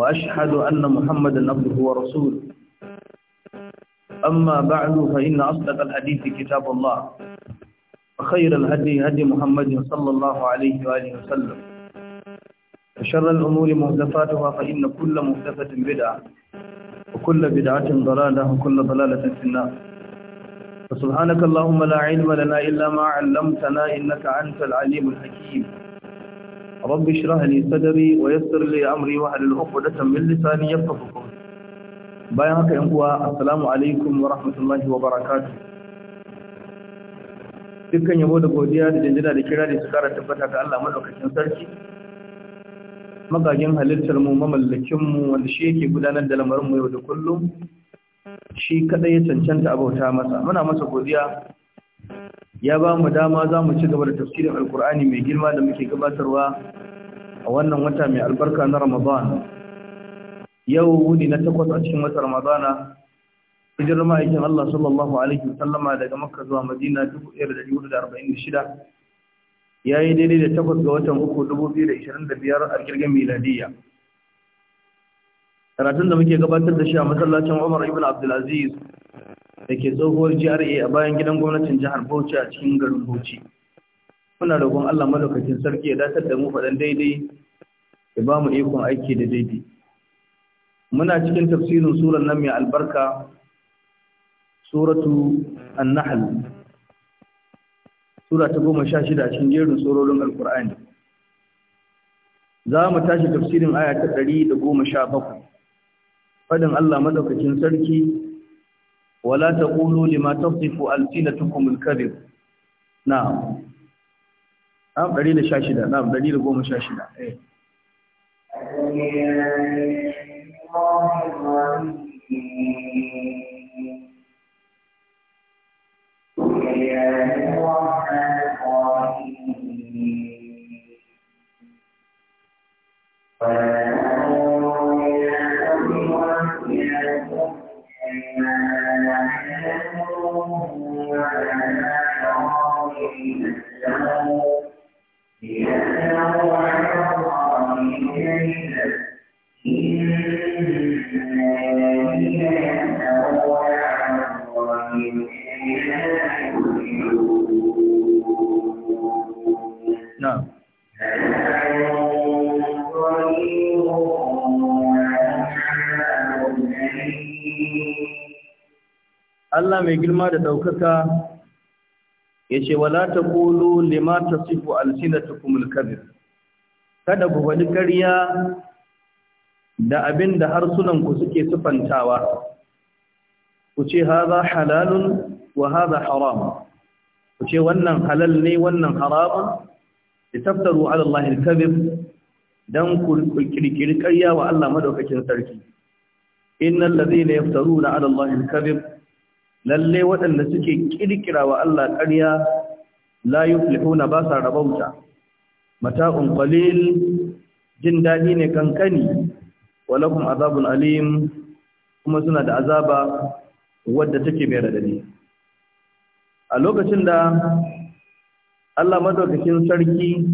وأشهد أن محمدا عبده ورسوله أما بعد فإن أصدق الحديث كتاب الله وخير الهدي هدي محمد صلى الله عليه وآله وسلم وشر الأمور مهدفاتها فإن كل مهدفة بدعة وكل بدعة ضلالة وكل ضلالة في النار فسبحانك اللهم لا علم لنا إلا ما علمتنا إنك أنت العليم الحكيم رب اشرح لي صدري ويسر لي امري واحلل عقدة من لساني يفقهوا قولي bayan haka yan uwa 'Asalamu alaikum wa rahmatullahi wa dukkan yabo da godiya da jinjina da kira da su kara tabbata ga Allah madaukakin sarki magagin halittar mu mamallakin mu wanda shi yake gudanar da lamarin mu yau da kullum shi kadai ya cancanta abauta masa muna masa godiya ya ba mu dama za mu ci gaba da tafsirin alkur'ani mai girma da muke gabatarwa a wannan wata mai albarka na ramadan yau wuni na takwas a cikin wata ramadana hijirar ma'aikin allah sallallahu alaihi wasallama daga makka zuwa madina 1446 ya yi daidai da takwas ga watan uku 2025 a girgin miladiyya karatun da muke gabatar da shi a masallacin umar ibn abdulaziz da ke tsohuwar GRA a bayan gidan gwamnatin jihar Bauchi a cikin garin Bauchi. Muna roƙon Allah madaukakin sarki ya datar da mu faɗan daidai ya ba mu ikon aiki da daidai. Muna cikin tafsirin surar nan mai albarka suratu annahal Sura ta goma sha shida a cikin jerin surorin Alƙur'ani. Za mu tashi tafsirin aya ta ɗari da goma sha bakwai. Faɗin Allah madaukakin sarki ولا تقولوا لما تصف ألسنتكم الكذب نعم نعم دليل شاشدة نعم دليل قوم شاشدة إيه. Thank you. Allah mai girma da ɗaukaka yace wala taqulu lima tasifu alsinatukum alkadhib kada ku faɗi ƙarya da abin da harsunan ku suke sufantawa ku ce haza halalun wa haza haram ku ce wannan halal ne wannan haram litaftaru ala Allah alkadhib dan ku kirkiri ƙarya wa Allah madaukakin sarki innal ladhina yaftaruna ala Allah alkadhib lalle waɗanda suke kirkira wa Allah ƙarya la yuflihuna ba sa rabauta mata'un qalil jin dadi ne kankani walakum azabun alim kuma suna da azaba wadda take mai radadi a lokacin da Allah madaukakin sarki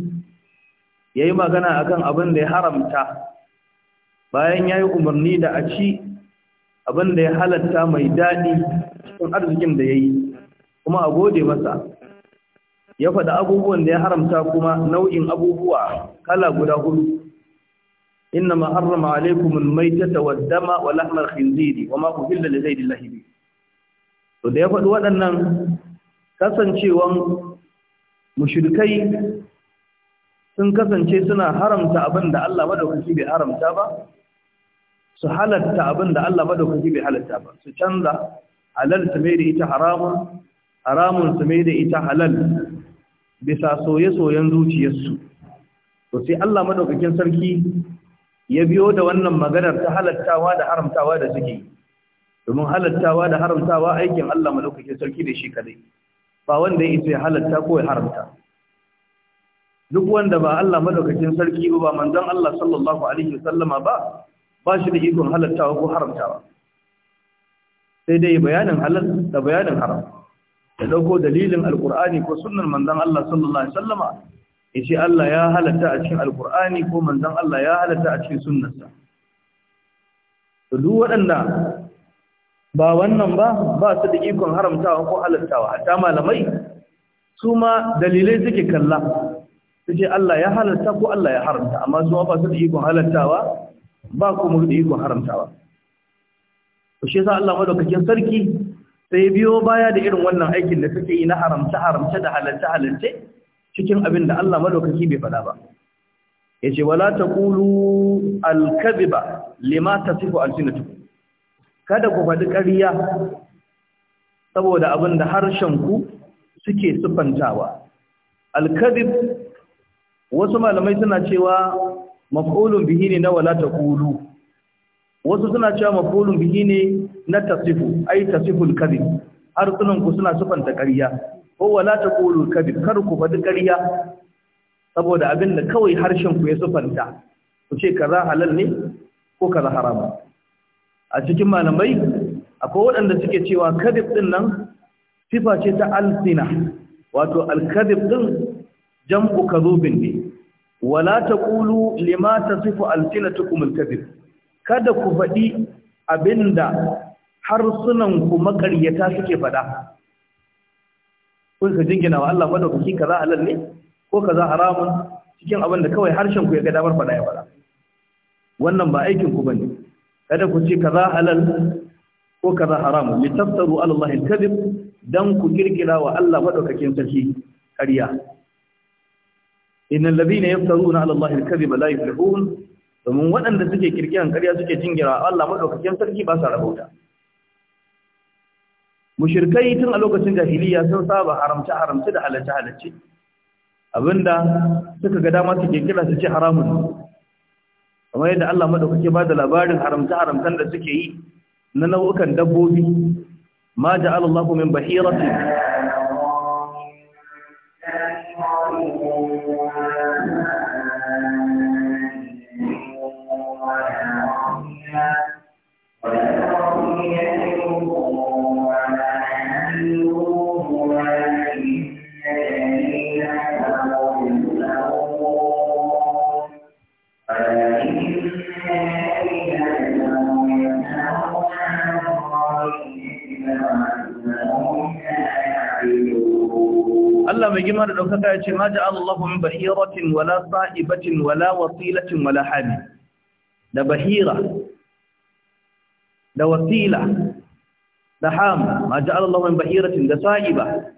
yayi magana akan abin da ya haramta bayan yayi umarni da a ci abin da ya halatta mai daɗi cikin arzikin da ya yi kuma a gode masa ya faɗi abubuwan da ya haramta kuma nau'in abubuwa kala guda hudu inna ma harrama alaikum almaytata wad-dama wa lahma al-khinziri wa ma uhilla li ghayri Allah bi to da ya faɗi waɗannan kasancewan mushrikai sun kasance suna haramta abin da Allah madaukaki bai haramta ba su halatta abin da Allah madaukaki bai halatta ba su canza halal su mai da ita haramun haramun su mai da ita halal bisa soye-soyen zuciyarsu to sai Allah madaukakin sarki ya biyo da wannan maganar ta halattawa da haramtawa da suke domin halattawa da haramtawa aikin Allah madaukakin sarki da shi kadai ba wanda ya isa ya halatta ko ya haramta duk wanda ba Allah madaukakin sarki ba manzon Allah sallallahu alaihi wasallama ba ba shi da ikon halattawa ko haramtawa sai dai bayanin halal da bayanin haram da dauko dalilin alqur'ani ko sunnar manzon Allah sallallahu alaihi wasallama yace Allah ya halatta a cikin alqur'ani ko manzon Allah ya halatta a cikin sunnarsa to duk waɗanda ba wannan ba ba su da ikon haramtawa ko halattawa hatta malamai su ma dalilai suke kalla suke Allah ya halatta ko Allah ya haramta amma su ba su da ikon halattawa ba ku mu da ikon haramtawa to shi yasa Allah madaukakin sarki sai biyo baya da irin wannan aikin da suke yi na haramta haramta da halalta halalta cikin abin da Allah madaukaki bai faɗa ba yace wala taqulu al-kadhiba lima tasifu al-sinatukum kada ku faɗi ƙarya saboda abin da harshen ku suke al kadhib wasu malamai suna cewa maf'ulun bihi ne na wala Kulu. wasu suna cewa maf'ulun bihi ne na tasifu ai tasiful kadhib har sunan ku suna sufanta ƙarya ko wala Kulu kadhib kar ku faɗi ƙarya saboda abin da kawai harshen ku ya sufanta ku ce kaza halal ne ko kaza haram a cikin malamai akwai waɗanda suke cewa kadhib din nan sifa ce ta alsina wato alkadhib din jam'u kadhubin ne wala taqulu lima tasifu alsinatukum alkadhib kada ku faɗi abinda harsunan ku makaryata suke faɗa kun ka jingina wa Allah madaukaki kaza halal ne ko kaza haramun cikin abin da kawai harshen ku ya ga damar faɗa ya faɗa wannan ba aikin ku bane kada ku ce kaza halal ko kaza haramu, litaftaru ala Allah alkadhib dan ku kirkira wa Allah madaukakin sarki ƙarya innal ladina na ala allahi ba la yuflihun domin waɗanda suke kirkiran ƙarya suke jingira Allah madaukakin sarki ba sa rabauta mushirkai tun a lokacin jahiliya sun saba haramce haramce da halalce halalce abinda suka ga dama suke kira su ce haramun kamar yadda Allah madaukake ba da labarin haramce haramtan da suke yi na nau'ukan dabbobi ma ja'alallahu min bahiratin mai girma da ɗaukaka ya ce ma ji Allahu min bahiratin wala sa'ibatin wala wasilatin wala hami da bahira da wasila da ham ma ji Allahu min bahiratin da sa'iba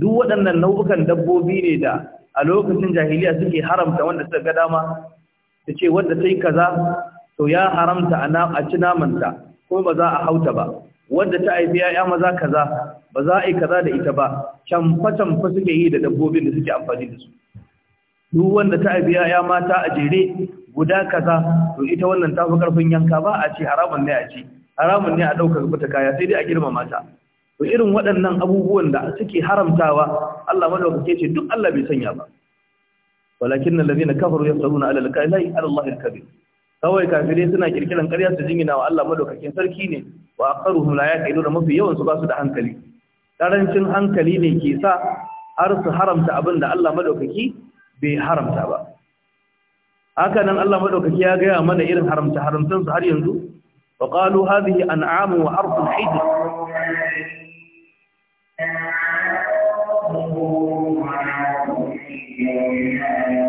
duk waɗannan nau'ukan dabbobi ne da a lokacin jahiliya suke haramta wanda suka ga dama ta ce wanda yi kaza to ya haramta a ci namanta ko ba za a hauta ba Wanda ta haifi ya'ya maza kaza ba za a yi kaza da ita ba canfa canfa suke yi da dabbobin da suke amfani da su duk wanda ta haifi ya'ya mata a jere guda kaza to ita wannan ta fi karfin yanka ba a ce haramun ne a ce haramun ne a ɗaukar mata kaya sai dai a girma mata to irin waɗannan abubuwan da suke haramtawa Allah madaukake ce duk Allah bai sanya ba walakin allazina kafaru yaftaruna ala alkailai ala Allah alkabir kawai kafirai suna kirkiran ƙarya su jingina wa Allah madaukakin sarki ne wa akharuhum la yaqiluna mafi yawan su ba su da hankali karancin hankali ne ke sa har su haramta abin da Allah madaukaki bai haramta ba haka nan Allah madaukaki ya gaya mana irin haramta haramtan su har yanzu wa qalu hadhihi an'amu wa harfun hijr Thank you.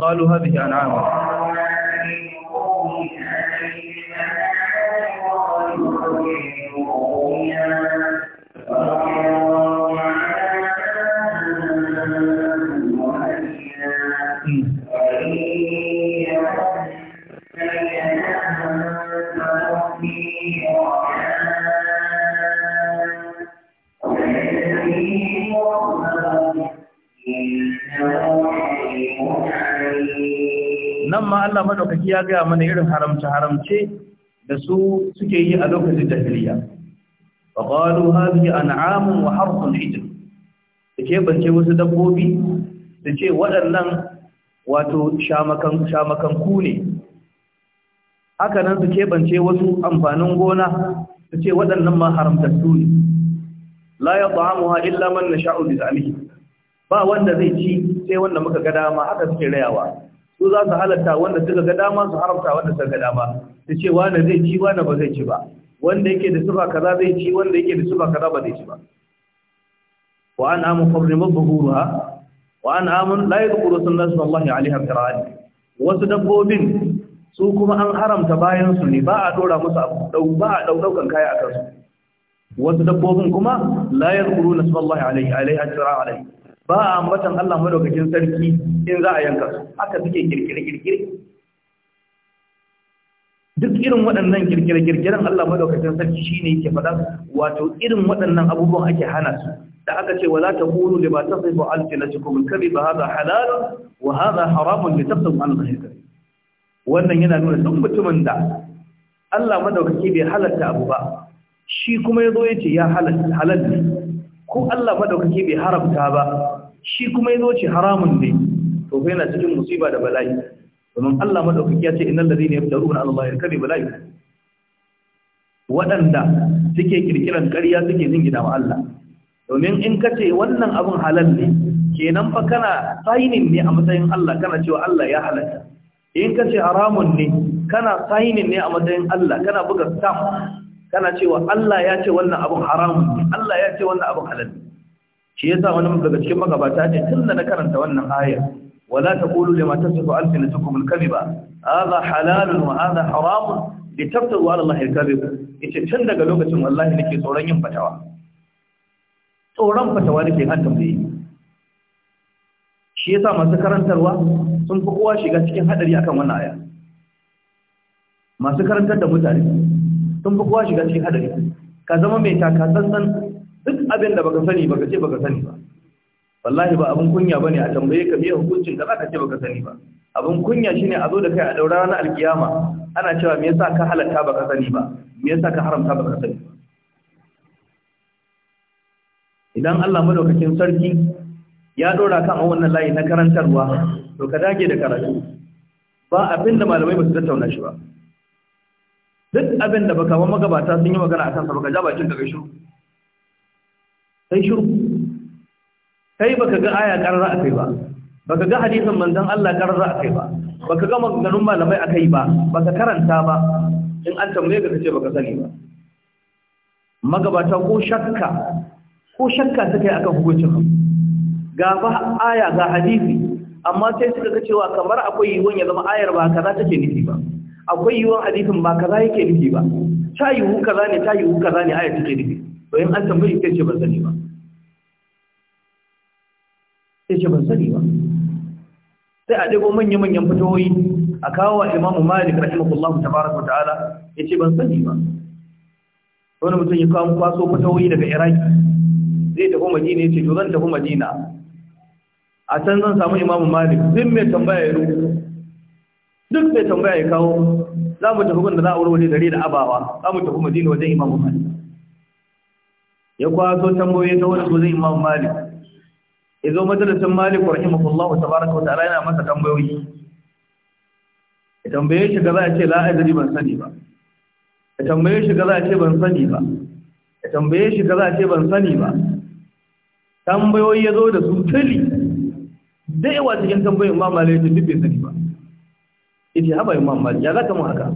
قالوا هذه أنعام madaukaki ya gaya mana irin haramce haramce da su suke yi a lokacin jahiliya fa qalu hadhihi an'amun wa harfun hijr take bance wasu dabbobi da ce waɗannan wato shamakan shamakan ku ne haka nan su bance wasu amfanin gona su ce waɗannan ma haramtattu ne la ya ta'amuha illa man nasha'u bi zalihi ba wanda zai ci sai wanda muka ga dama haka suke rayawa su za su halatta wanda suka ga dama su haramta wanda suka ga dama su ce wanda zai ci wanda ba zai ci ba wanda yake da sifa kaza zai ci wanda yake da sifa kaza ba zai ci ba wa an amun farrimu buhuruha wa an amun la sun sunnatu allah alaihi wa sallam wasu dabbobin su kuma an haramta bayan su ne ba a dora musu dau ba a dau daukan kaya a kansu wasu dabbobin kuma la yadkhulu sallallahu alaihi alaihi wa sallam ba a ambatan Allah madaukakin sarki in za a yanka su haka suke kirkire-kirkire duk irin waɗannan kirkire-kirkiren Allah madaukakin sarki shine yake faɗa wato irin waɗannan abubuwan ake hana su da aka ce wala taqulu lima tasifu alsinatukum kadhiba hadha halal wa hadha haram litaqtum an dhahir wannan yana nuna duk mutumin da Allah madaukaki bai halatta abu ba shi kuma yazo yace ya halal halal ko Allah madaukaki bai haramta ba shi kuma yazo ce haramun ne to fa yana cikin musiba da bala'i domin Allah madaukaki ya ce innal ladina yaftaruna ala allahi al-kadhiba la waɗanda suke kirkiran ƙarya suke zingina wa Allah domin in ka ce wannan abin halal ne kenan fa kana sainin ne a matsayin Allah kana cewa Allah ya halatta in ka ce haramun ne kana sainin ne a matsayin Allah kana buga stamp kana cewa Allah ya ce wannan abin haramun ne Allah ya ce wannan abin halal ne shi yasa wani daga cikin magabata ne tun da na karanta wannan aya wala taqulu lima tasifu alsinatukum alkadhiba hadha halalun wa hadha haramun litaftaru ala allahi alkadhib yace tun daga lokacin wallahi nake tsoron yin fatawa tsoron fatawa nake an tambaye shi yasa masu karantarwa sun fi kowa shiga cikin hadari akan wannan aya masu karantar da mutane sun fi kowa shiga cikin hadari ka zama mai taka duk abin da baka sani baka ce baka sani ba wallahi ba abin kunya bane a tambaye ka biya hukuncin da zaka ce baka sani ba abin kunya shine a zo da kai a daura ranar alkiyama ana cewa me yasa ka halatta baka sani ba me yasa ka haramta baka sani ba idan Allah madaukakin sarki ya dora ka a wannan layi na karantarwa to ka dage da karatu ba abin da malamai ba su tattauna shi ba duk abin da baka ba magabata sun yi magana akan sa baka ja bakin ka shiru. Sai shiru kai baka ga aya karara a kai ba baka ga hadisin manzon Allah karara a kai ba baka ga maganganun malamai a kai ba baka karanta ba in an tambaye ka kace baka sani ba magabata ko shakka ko shakka take akan hukuncin ga ba aya ga hadisi amma sai suka ga cewa kamar akwai yiwon ya zama ayar ba kaza take nufi ba akwai yiwon hadisin ba kaza yake nufi ba ta yiwu kaza ne ta yiwu kaza ne ayar take nufi to in an tambaye sai ce ba sani ba ce ban sani ba sai a ɗago manya-manyan fitowoyi a kawo wa imamu malik rahimahullahu tabaraka wa ta'ala ya ce ban sani ba wani mutum ya kawo kwaso fitowoyi daga iraki zai tafi madina ya ce to zan tafi madina a can zan samu imamu malik duk mai tambaya ya rubu duk mai tambaya ya kawo za mu tafi da za a warware dare da abawa za mu tafi madina wajen imamu malik ya kwaso tambayoyi ta wani so zai imamu malik izo majalisin malik rahimahullahu tabaraka wa ta'ala yana masa tambayoyi ya tambaye shi ga za a ce la adri ban sani ba ya tambaye shi ga za a ce ban sani ba ya tambaye shi ga za a ce ban sani ba tambayoyi ya zo da su tuli da yawa cikin tambayoyin ma malik duk bai sani ba yace haba imam malik ya zaka mu haka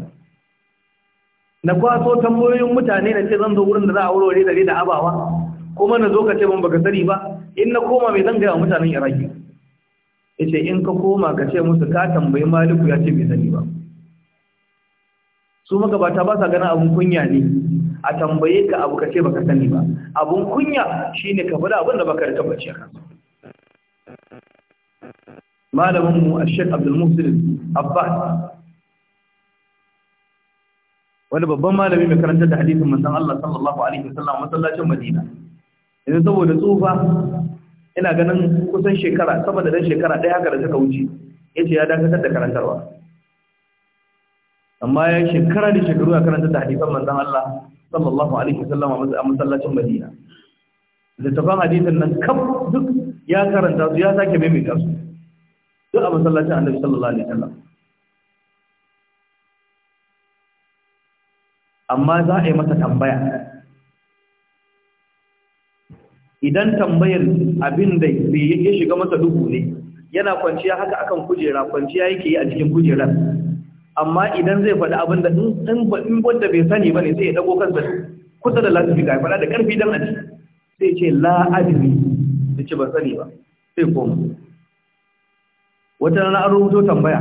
na kwaso tambayoyin mutane na ce zan zo wurin da za a wurare dare da abawa kuma na zo ka ce ban baka sani ba in na koma mai zan gaya mutanen iraki ya ce in ka koma ka ce musu ka tambayi maliku ya ce bai sani ba su magabata ba sa gana abin kunya ne a tambaye ka abu ka ce baka sani ba abin kunya shi ne ka fada abin da baka da bace ka kansa malamin mu shek Abdul Abbas wani babban malami mai karanta da hadisin manzon Allah sallallahu alaihi wasallam masallacin Madina yanzu saboda tsufa ina ganin kusan shekara sama da dan shekara ɗaya haka da suka wuce ya ce ya dakatar da karantarwa amma ya shekara da shekaru a karanta da hadisan manzan Allah sallallahu alaihi wasallam a masallacin Madina littafan hadisin nan kam duk ya karanta su ya sake maimaita su duk a masallacin Annabi sallallahu alaihi wasallam amma za a yi mata tambaya idan tambayar abin da ya shiga masa duhu ne yana kwanciya haka akan kujera kwanciya yake yi a cikin kujerar amma idan zai faɗi abin da in wanda bai sani ba ne sai ya dago kansa kusa da lati ga faɗa da ƙarfi don aji sai ce la'adiri da ci ba sani ba sai koma wata rana an rubuto tambaya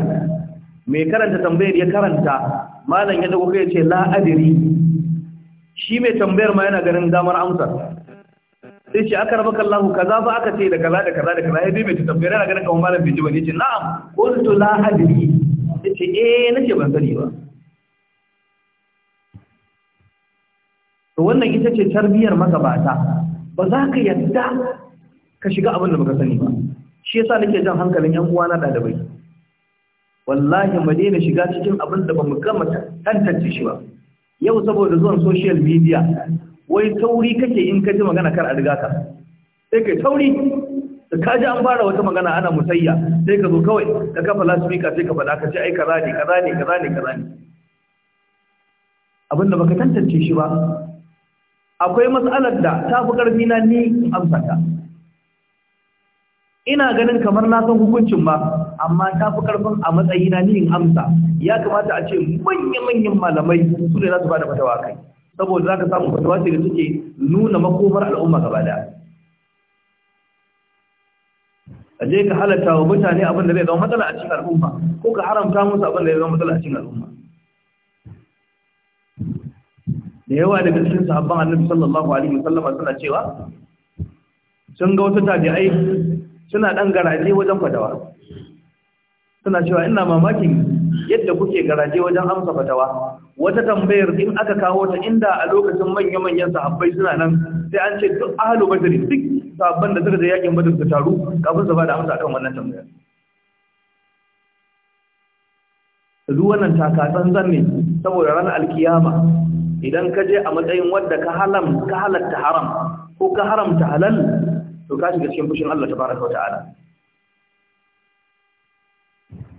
mai karanta tambayar ya karanta malam ya dago kai ya ce la'adiri shi mai tambayar ma yana ganin damar amsar sai ce aka rabaka Allah kaza ba aka ce da kaza da kaza da kaza ya bai ta tambayar na ganin kamar malam bai ji ba ne na'am qultu la adri yace eh nace ban sani ba to wannan ita ce tarbiyar magabata ba za ka yadda ka shiga abin da baka sani ba shi yasa nake jan hankalin yan uwa na dalibai wallahi mu daina shiga cikin abin da bamu gama tantance shi ba yau saboda zuwan social media wai sauri kake in ka ji magana kar a riga ka sai kai sauri da ka ji an fara wata magana ana musayya sai ka zo kawai ka kafa lasfika sai ka faɗa ka ce ai ka kaza ne kaza ne kaza ne kaza ne abinda baka tantance shi ba akwai matsalar da ta fi ƙarfi na ni amsa ta ina ganin kamar na san hukuncin ba amma ta fi ƙarfin a na ni in amsa ya kamata a ce manya-manyan malamai su ne za su ba da fatawa kai saboda za ka samu fatawa ce da suke nuna makomar al'umma gaba da a je ka halatta wa mutane abin da zai zama matsala a cikin al'umma ko ka haramta musu abin da zai zama matsala a cikin al'umma da yawa daga cikin sahabban annabi sallallahu alaihi wasallam suna cewa sun ga wata tabi'ai suna dan garaje wajen fatawa suna cewa ina mamakin yadda kuke garaje wajen amsa fatawa wata tambayar in aka kawo ta inda a lokacin manya-manyan sahabbai suna nan sai an ce duk ahalu badri duk sahabban da suka je yakin badar su taru kafin su ba da amsa akan wannan tambayar duk wannan takatsan ne saboda ranar alkiyama idan ka je a matsayin wadda ka halam ka halatta haram ko ka haramta halal to ka shiga cikin fushin Allah tabaraka wa ta'ala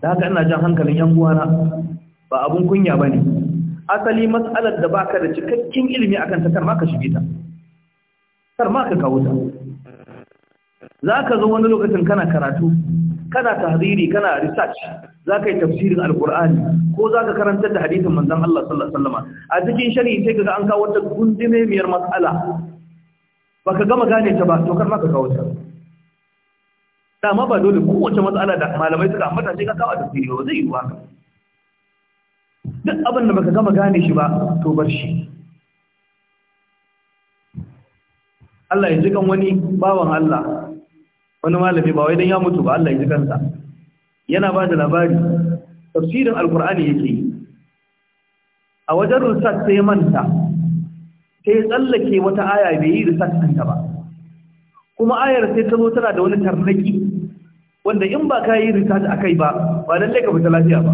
da haka ina jan hankalin yan uwana ba abun kunya bane asali mas'alar da baka da cikakken ilimi akan ta kar ma ka shige ta kar ma ka kawo ta zaka zo wani lokacin kana karatu kana tahriri kana research zaka yi tafsirin alqur'ani ko zaka karantar da hadisin manzon Allah sallallahu alaihi wasallam a cikin shari'i sai kaga an kawo ta gundume miyar mas'ala baka gama gane ta ba to kar ma ka kawo ta dama ba dole kowace matsala da malamai suka ambata sai ka kawo da fili zai yi haka duk abin da baka gama gane shi ba to bar shi Allah ya jikan wani bawan Allah wani malami ba wai dan ya mutu ba Allah ya sa yana ba da labari tafsirin alkur'ani yake yi a wajen rusat sai manta sai tsallake wata aya bai yi rusat ɗinta ba kuma ayar sai ta zo tana da wani tarnaki wanda in ba ka yi research a kai ba ba lallai ka fita lafiya ba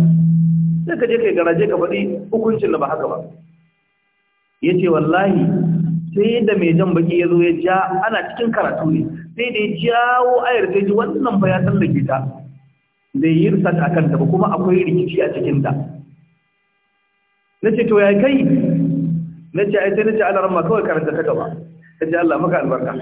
sai ka je kai garaje ka faɗi hukuncin da ba haka ba ya ce wallahi sai da mai jan baki ya zo ya ja ana cikin karatu ne sai da ya jawo ayar sai ji wannan ba ya tallake ta bai yi research a kanta ba kuma akwai rikici a cikinta na ce to ya kai na ce ai sai na ce ana ramma kawai karanta ta gaba ta ji Allah maka albarka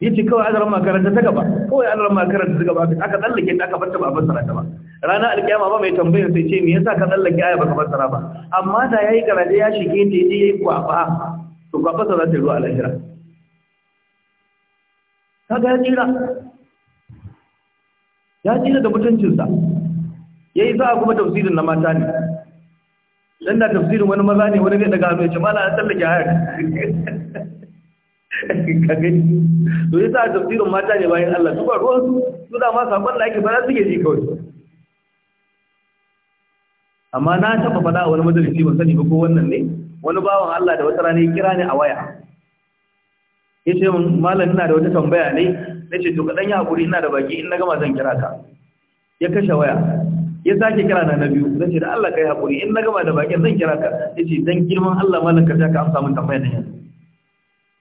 ya ce kawai azarar makaranta ta gaba kawai azarar makaranta ta gaba aka tsallake ta aka bata ba a fassara ta ba rana alkiyama ba mai tambayar sai ce me yasa ka tsallake aya baka fassara ba amma da yayi karaje ya shige ta je yayi kwaba to kwaba sa za ta yi a lahira kaga ya tsira ya tsira da mutuncinsa yayi za kuma tafsirin na mata ne dan da tafsirin wani maza ne wani ne daga hannu ya ce mala an tsallake aya to a tafsirin mata ne bayan Allah su ba ruwan su su da ma sabon da ake fara suke ji kawai amma na taɓa fada a wani majalisi ban sani ba ko wannan ne wani bawan Allah da wata rana ya kira ni a waya Ya ce min malam ina da wata tambaya ne ce to kadan ya hakuri ina da baki in na gama zan kira ka ya kashe waya ya sake kira na na biyu ce da Allah kai haƙuri in na gama da baki zan kira ka Ya ce dan girman Allah malam ka ka amsa min tambayar da yanzu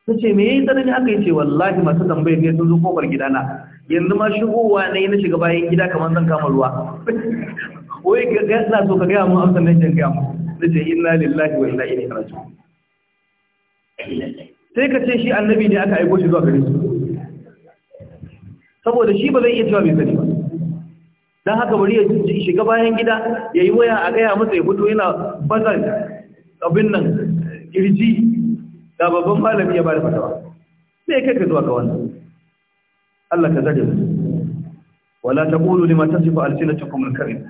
ta ce me yayi tsanani aka yi ce wallahi masu tambayar ne sun zo kofar gidana yanzu ma shigowa ne na shiga bayan gida kamar zan kama ruwa wai ga gasa so ka gaya mu amsar nan gaya mu na ce inna lillahi wa inna ilaihi raji'un sai ka ce shi annabi ne aka aiko shi zuwa gare su saboda shi ba zai iya cewa bai sani ba dan haka bari ya shiga bayan gida yayi waya a gaya masa ya fito yana bazan abin nan kirji ga babban malami ya bada fatawa me kai ka zuwa ga wannan Allah ka zage mu wala taqulu lima tasifu alsinatukum alkarim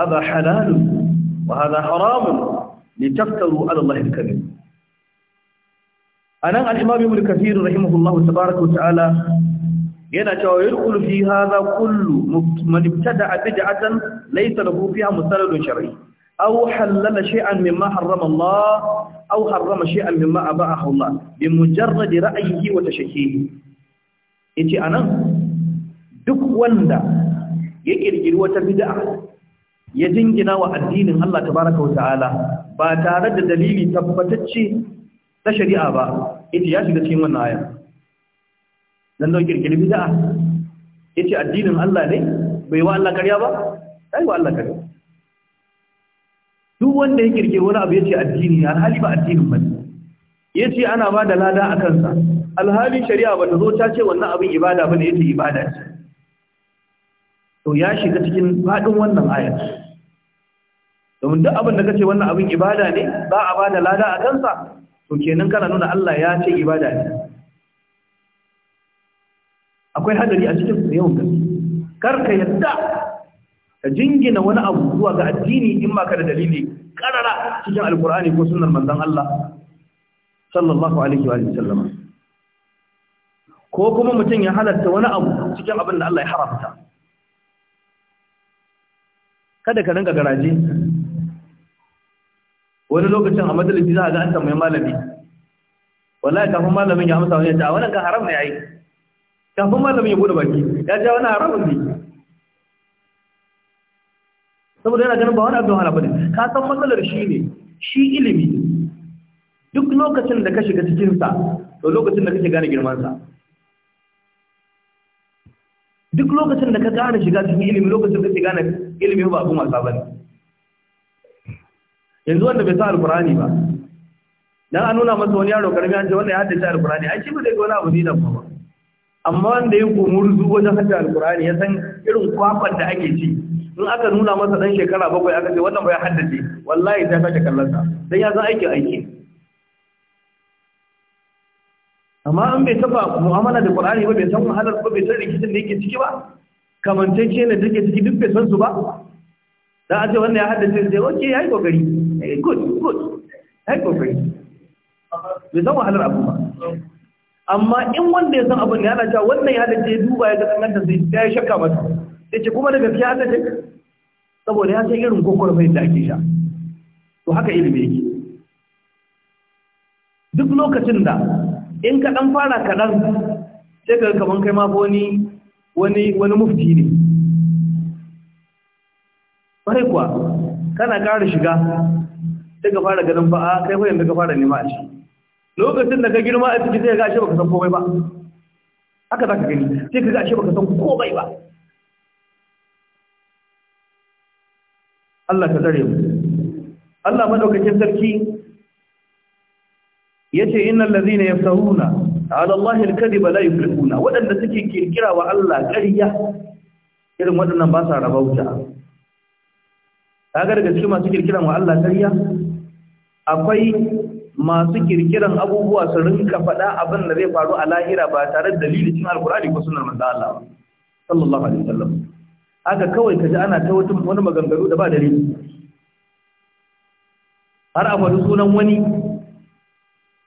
hadha halal wa hadha haram litaftaru ala Allah alkarim anan al-imam ibn kathir rahimahullah tabaaraka wa ta'ala yana cewa yadkhulu fi hadha kullu man ibtada'a bid'atan laysa lahu fiha musalladun shar'i أو حلل شيئا مما حرم الله أو حرم شيئا مما أباحه الله بمجرد رأيه وتشهيه إنتي أنا duk wanda ya kirkiri wata bid'a ya jingina wa addinin Allah tabaraka Ta'ala, ba tare da dalili tabbatacce ta shari'a ba ita ya shiga cikin wannan aya dan don kirkiri bid'a yace addinin Allah ne bai wa Allah ƙarya ba sai wa Allah ƙarya duk wanda ya kirke wani abu ya ce addini alhali ba addinin ba ya ce ana ba da lada a kansa alhali shari'a ba ta zo ta ce wannan abin ibada ba ne ya ce ibada ce to ya shiga cikin faɗin wannan ayat domin duk abin da ka ce wannan abin ibada ne ba a ba da lada a kansa to kenan kana nuna Allah ya ce ibada ne akwai hadari a cikin yawan gaske kar ka yadda ka jingina wani abu zuwa ga addini in ba ka da dalili karara cikin alkur'ani ko sunnar manzon Allah sallallahu alaihi wa sallama ko kuma mutum ya halatta wani abu cikin abin da Allah ya haramta kada ka rinka garaje wani lokacin a majalisi za a ga an tambayi malami wallahi kafin malamin ya amsa wani ya ta wani ka haram ne yayi kafin malamin ya bude baki ya ce wannan haramun ne saboda yana ganin ba wani abin wahala ne. ka san matsalar shi ne shi ilimi duk lokacin da ka shiga cikin sa to lokacin da kake gane girman sa duk lokacin da ka gane shiga cikin ilimi lokacin da kake gane ilimi ba abin wasa bane yanzu wanda bai sa alqur'ani ba dan an nuna masa wani yaro karbi an ce wanda ya haddace alqur'ani ai shi ba zai ga wani abu ne da ba amma wanda ya gumurzu wajen hajji alkur'ani ya san irin kwakwan da ake ci in aka nuna masa dan shekara bakwai aka ce wannan bai haddace wallahi ta sake kallonsa dan ya san aikin aiki amma an bai taba mu'amala da qur'ani ba bai san wahalar ba bai san rikicin da yake ciki ba kamantacce ne take ciki duk bai san su ba dan a ce wannan ya haddace sai oke yayi kokari eh, good good yayi kokari bai san wahalar abu ba amma in wanda ya san abin yana cewa wannan ya dace duba ya ga danganta sai ya shakka Ya ce kuma da gaskiya ta saboda ya san irin fahimta da ake sha to haka ilimi yake duk lokacin da in ka dan fara kaɗan, sai ka kaman kai ma wani wani wani mufti ne bare kuwa kana ƙara shiga sai fara ganin ba ah, kai fa yanda ka fara nema a shi lokacin da ka girma a ciki sai ga shi baka san komai ba haka za ka gani sai ka ga shi baka san komai ba Allah ka tsare mu Allah madaukakin sarki yace innal ladhina yaftahuna ala Allahi al-kadhiba la yuflihuna wadanda suke kirkira wa Allah ƙarya irin wadannan ba sa Da kaga daga cikin masu kirkira wa Allah ƙarya akwai masu kirkiran abubuwa su rinka faɗa abin da zai faru a lahira ba tare da dalilin cin alkurani ko sunar manzo Allah sallallahu alaihi wasallam haka kawai kaji ana ta wata wani maganganu da ba dalili har a faɗi sunan wani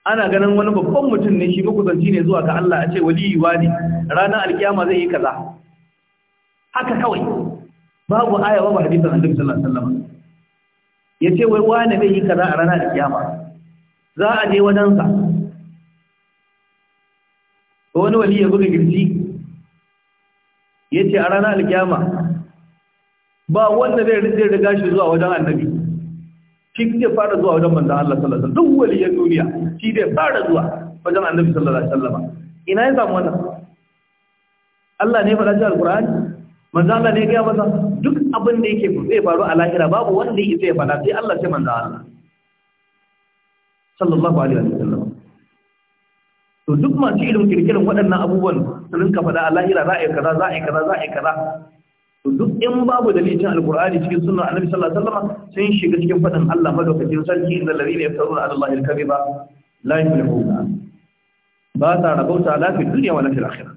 ana ganin wani babban mutum ne shi makusanci ne zuwa ga Allah a ce waliyi wani ranar alkiyama zai yi kaza haka kawai babu aya babu hadisan annabi sallallahu alaihi wasallam yace wai wani zai yi kaza a ranar alkiyama za a je wajensa wani wali ya buga girji ya ce a ranar alkyama ba wanda zai rinjin da gashi zuwa wajen annabi shi ke fara zuwa wajen manzan Allah sallallahu alaihi duk waliyan duniya shi zai fara zuwa wajen annabi sallallahu alaihi wasallam ina ya samu wannan Allah ne faɗa cikin alkur'ani manzan Allah ne ya gaya masa duk abin da yake zai faru a lahira babu wanda yake faɗa sai Allah sai manzan Allah sallallahu alaihi wasallam to duk masu irin kirkirin waɗannan abubuwan su rinka faɗa a lahira za a yi kaza za a yi kaza za a yi kaza to duk in babu dalilin alqur'ani cikin sunnar annabi sallallahu alaihi wasallam sun shiga cikin faɗin Allah madaukakin sarki innal ladina yaftaruna ala allahi al-kadhiba la yuflihuna ba ta rabauta la fi dunya wala fil akhirah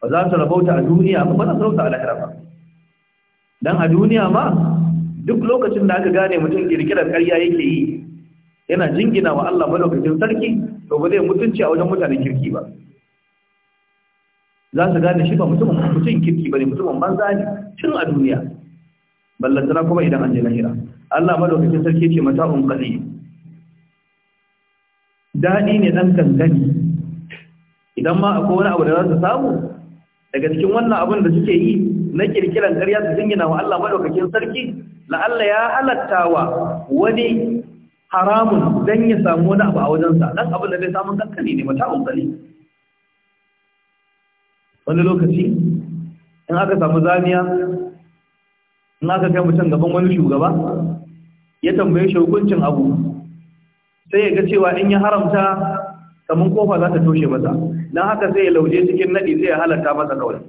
ba za su rabauta a duniya ba ba za su rabauta a lahira ba dan a duniya ma duk lokacin da aka gane mutum kirkirar ƙarya yake yi yana jingina wa Allah madaukakin sarki to ba zai mutunci a wajen mutanen kirki ba za su gane shi ba mutumin mutum kirki ba ne mutumin banza ne tun a duniya ballantana kuma idan an je lahira Allah madaukakin sarki ce mata'un qali dadi ne dan kankani idan ma akwai wani abu da za su samu daga cikin wannan abin da suke yi na kirkiran ƙarya su jingina wa Allah madaukakin sarki la'alla ya halatta wa wani haramun don ya samu wani abu a wajensa don abin da zai samun kankani ne mata unkali wani lokaci in aka samu zaniya in aka kai mutum gaban wani shugaba ya tambaye shi hukuncin abu sai ya ga cewa in ya haramta kamar kofa za ta toshe masa don haka sai ya lauje cikin naɗi sai ya halarta masa kawai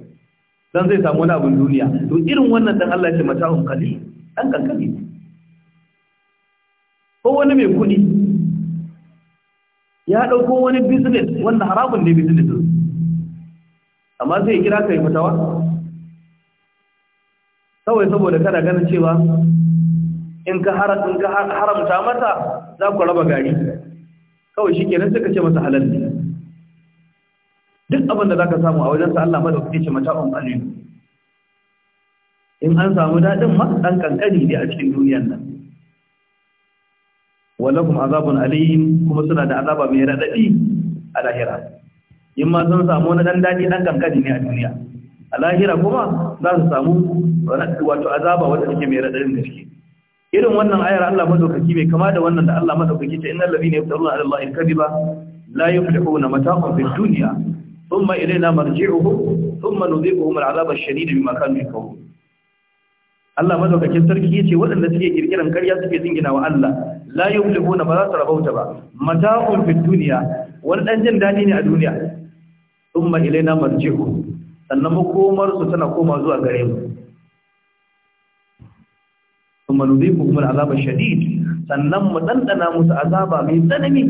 don zai samu wani abin duniya to irin wannan don Allah ce mata unkali ɗan kankani ne ko wani mai kuɗi ya ɗauko wani business wanda haramun ne business amma zai kira ka yi fitawa kawai saboda kada ganin cewa in ka haramta mata za ku raba gari kawai shi kenan suka ce masa halal ne duk abin da za ka samu a wajensa Allah madaukake ce mata on alilu in an samu daɗin ma ɗan ƙanƙani ne a cikin duniyan nan walahum azabun alim kuma suna da azaba mai radadi a lahira in ma sun samu wani dan dadi dan kankani ne a duniya a lahira kuma za su samu wato azaba wanda take mai radadin gaske irin wannan ayar Allah madaukaki mai kama da wannan da Allah madaukaki ta innal ladina yaftaruna ala allahi al-kadhiba la yuflihuna mata'un fid dunya thumma ilayna marji'uhum thumma nudhiquhum al-'adaba ash-shadid bima kanu yakfurun Allah madaukakin sarki yace waɗanda suke kirkiran ƙarya suke dingina wa Allah la yuflihuna ba za su rabauta ba mata'un fid dunya wani dan jin dadi ne a duniya umma ilaina marji'u sannan makomar su tana koma zuwa gare mu thumma kuma al'azaba shadid sannan mu dandana musu azaba mai tsanani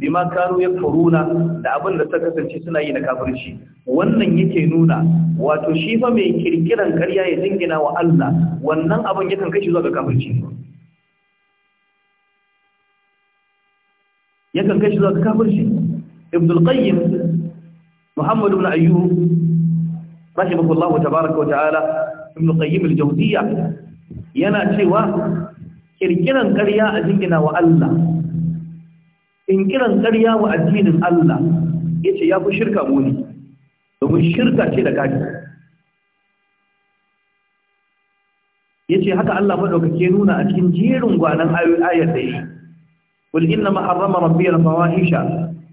bima kanu yakfuruna da abin da ta kasance suna yi na kafirci wannan yake nuna wato shi fa mai kirkiran karya ya dingina wa Allah wannan abin yakan kai shi zuwa ga kafirci yakan kai shi zuwa ga kafirci ibn al-qayyim muhammad ibn ayyub rahimahullahu tabaaraka wa ta'ala ibn qayyim al-jawziyya yana cewa kirkiran karya a dingina wa Allah in kiran ƙarya wa addinin Allah ya ce ya fi shirka muni domin shirka ce da kaji ya ce haka Allah maɗaukake nuna a cikin jerin gwanan ayar da yi قل إنما حرم ربي الفواحش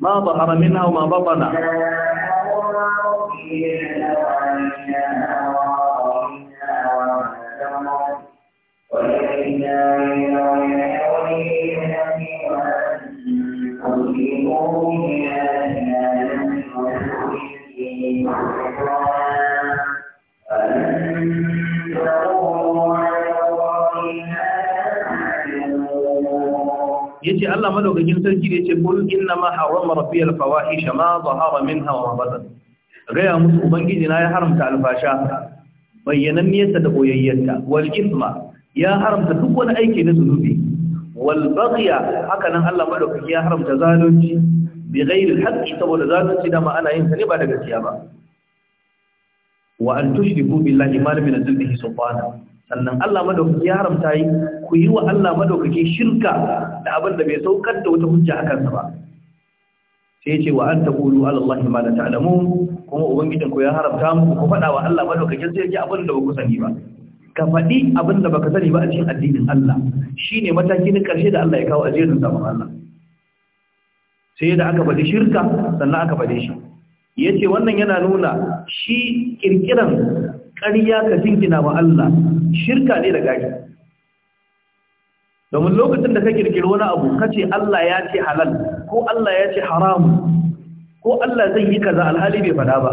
ما ظهر منها وما بطن Allah madaukakin sarki da ce kul inna ma harama rabbi al ma zahara minha wa batan gaya musu ubangiji na ya haramta alfasha bayyanan da koyayyarta wal isma ya haramta duk wani aiki na zunubi wal baghiya haka nan Allah madaukaki ya haramta zalunci bi ghairi saboda zalunci da ma'ana yin sa ne ba da gaskiya ba wa an tushriku billahi ma lam yunzil bihi sannan Allah madaukaki ya haramta yi ku yi wa Allah madaukaki shirka da abin da bai saukar da wata hujja akan sa ba sai ya ce wa an taqulu ala Allah ma la ta'lamun kuma ubangijin ku ya haramta muku ku faɗa wa Allah madaukakin sai ya abin da ba ku sani ba ka faɗi abin da baka sani ba a cikin addinin Allah shine mataki na ƙarshe da Allah ya kawo a jerin sabon Allah sai da aka faɗi shirka sannan aka faɗi shi yace wannan yana nuna shi kirkiran ƙarya ka jingina wa Allah shirka ne da gaji domin lokacin da ka kirkiri wani abu ka ce Allah ya ce halal ko Allah ya ce haramu ko Allah zai yi kaza alhali bai faɗa ba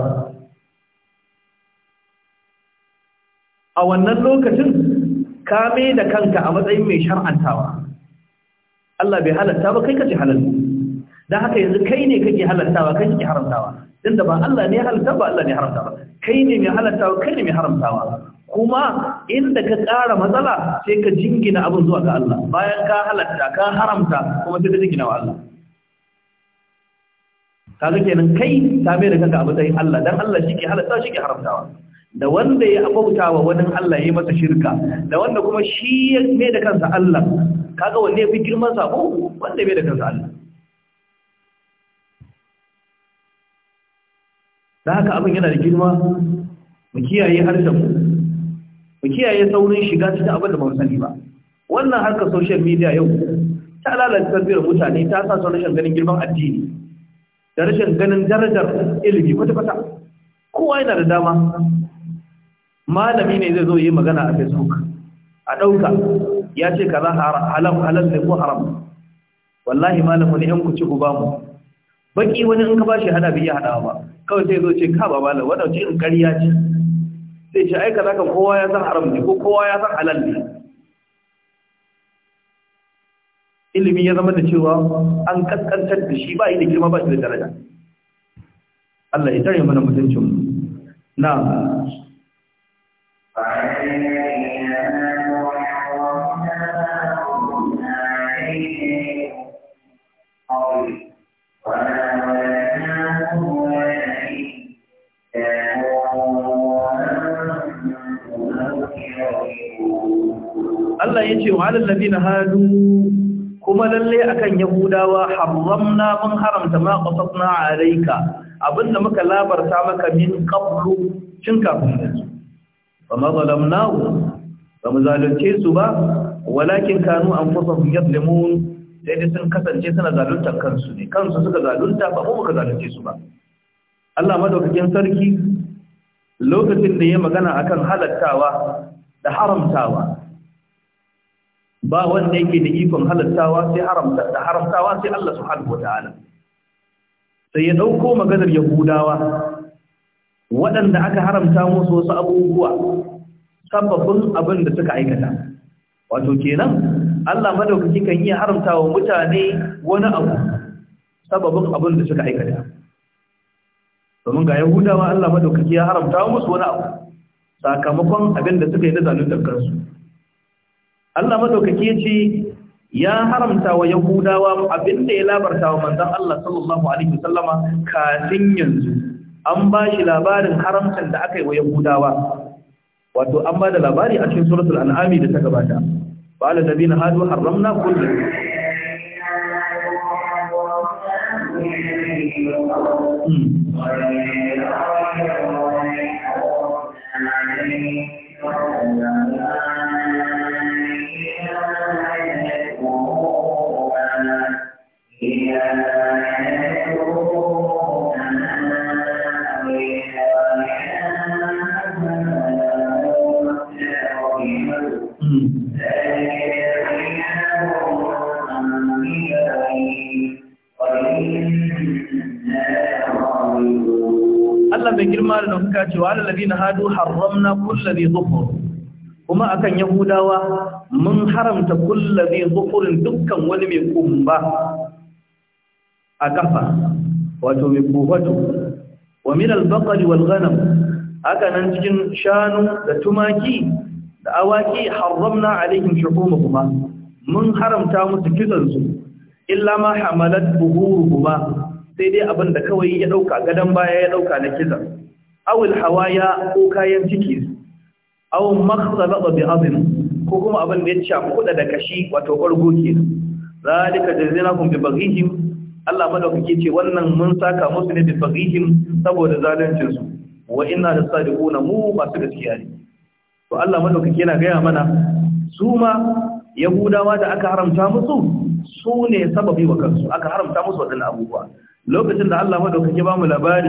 a wannan lokacin ka mai da kanka a matsayin mai shar'antawa Allah bai halatta ba kai ka ce halal don haka yanzu kai ne kake halattawa kai ke haramtawa dan ba Allah ne halatta ba Allah ne haramta ba kai ne mai halatta kai ne mai haramtawa kuma inda ka ƙara matsala sai ka jingina abin zuwa ga Allah bayan ka halatta ka haramta kuma sai ka jingina wa Allah kaga kenan kai ta mai da kanka a matsayin Allah dan Allah shi ke halatta shi ke haramtawa da wanda ya abauta wa wani Allah ya masa shirka da wanda kuma shi ya mai da kansa Allah kaga wanne ya fi girman sabo wanda ya mai da kansa Allah da haka abin yana da girma mu kiyaye harshen mu mu kiyaye saurin shiga cikin abin da ba sani ba wannan harkar social media yau ta lalata tarbiyyar mutane ta sa su rashin ganin girman addini da rashin ganin darajar ilimi kwata-kwata kowa yana da dama malami ne zai zo yi magana a facebook a ɗauka ya ce kaza halam halal ne ko haram wallahi malamu ne yan ku ci ku ba mu baki wani in ka ba shi hada bai hada ba kawai sai zo ce ka ba malam wannan in ƙarya ce sai ce aika zaka kowa ya san haram ne ko kowa ya san halal ne ilimi ya zama da cewa an kaskantar da shi ba yi da girma ba shi da daraja Allah ya tare mana mutuncin na yace wa alal na hadu kuma lalle akan yahudawa haramna mun haramta ma qasasna alayka abinda muka labarta maka min qablu cin kafin da su fa ma zalamnahu ba mu zalunce su ba walakin kanu anfusahum yadlimun sai dai sun kasance suna zaluntar kansu ne kansu suka zalunta ba mu muka zalunce su ba Allah madaukakin sarki lokacin da ya magana akan halattawa da haramtawa ba wanda yake da ikon halittawa sai haramta da haramtawa sai Allah subhanahu wataala sai ya dauko maganar yahudawa waɗanda aka haramta musu wasu abubuwa sababbin abin da suka aikata wato kenan Allah madaukaki kan iya haramtawa mutane wani abu sababbin abin da suka aikata domin ga yahudawa Allah madaukaki ya haramta musu wani abu sakamakon abin da suka yi da zaluntar kansu Allah madaukake ce ya haramta wa yahudawa abinda ya labarta wa manzon Allah sallallahu alaihi wasallama kafin yanzu an ba shi labarin haramcin da aka yi wa yahudawa wato an ba da labari a cikin suratul an'ami da ta gabata ba ala nabina hadu haramna kullu Mm. mai girma da nufuka cewa alalabi na hadu haramna kullabi kuma akan yahudawa mun haramta kullabi zukurin dukkan wani mai kumba a kafa wato mai kofato wa min albaqari wal ghanam nan cikin shanu da tumaki da awaki haramna alaihim shuhumahuma mun haramta musu su illa ma hamalat buhuruhuma sai dai abin da kawai ya ɗauka gadon baya ya ɗauka na kiza Awil hawaya ko kayan ciki aw makhsalata bi azm ko kuma abin da ya cakuda da kashi wato bargo ke zalika jazainakum bi baghihim Allah madaukake ce wannan mun saka musu ne bi baghihim saboda zaluncin su wa inna lasadiquna mu masu gaskiya ne to Allah madaukake yana gaya mana su ma yahudawa da aka haramta musu su ne sababi wa kansu aka haramta musu wadannan abubuwa lokacin da Allah madaukake ba mu labari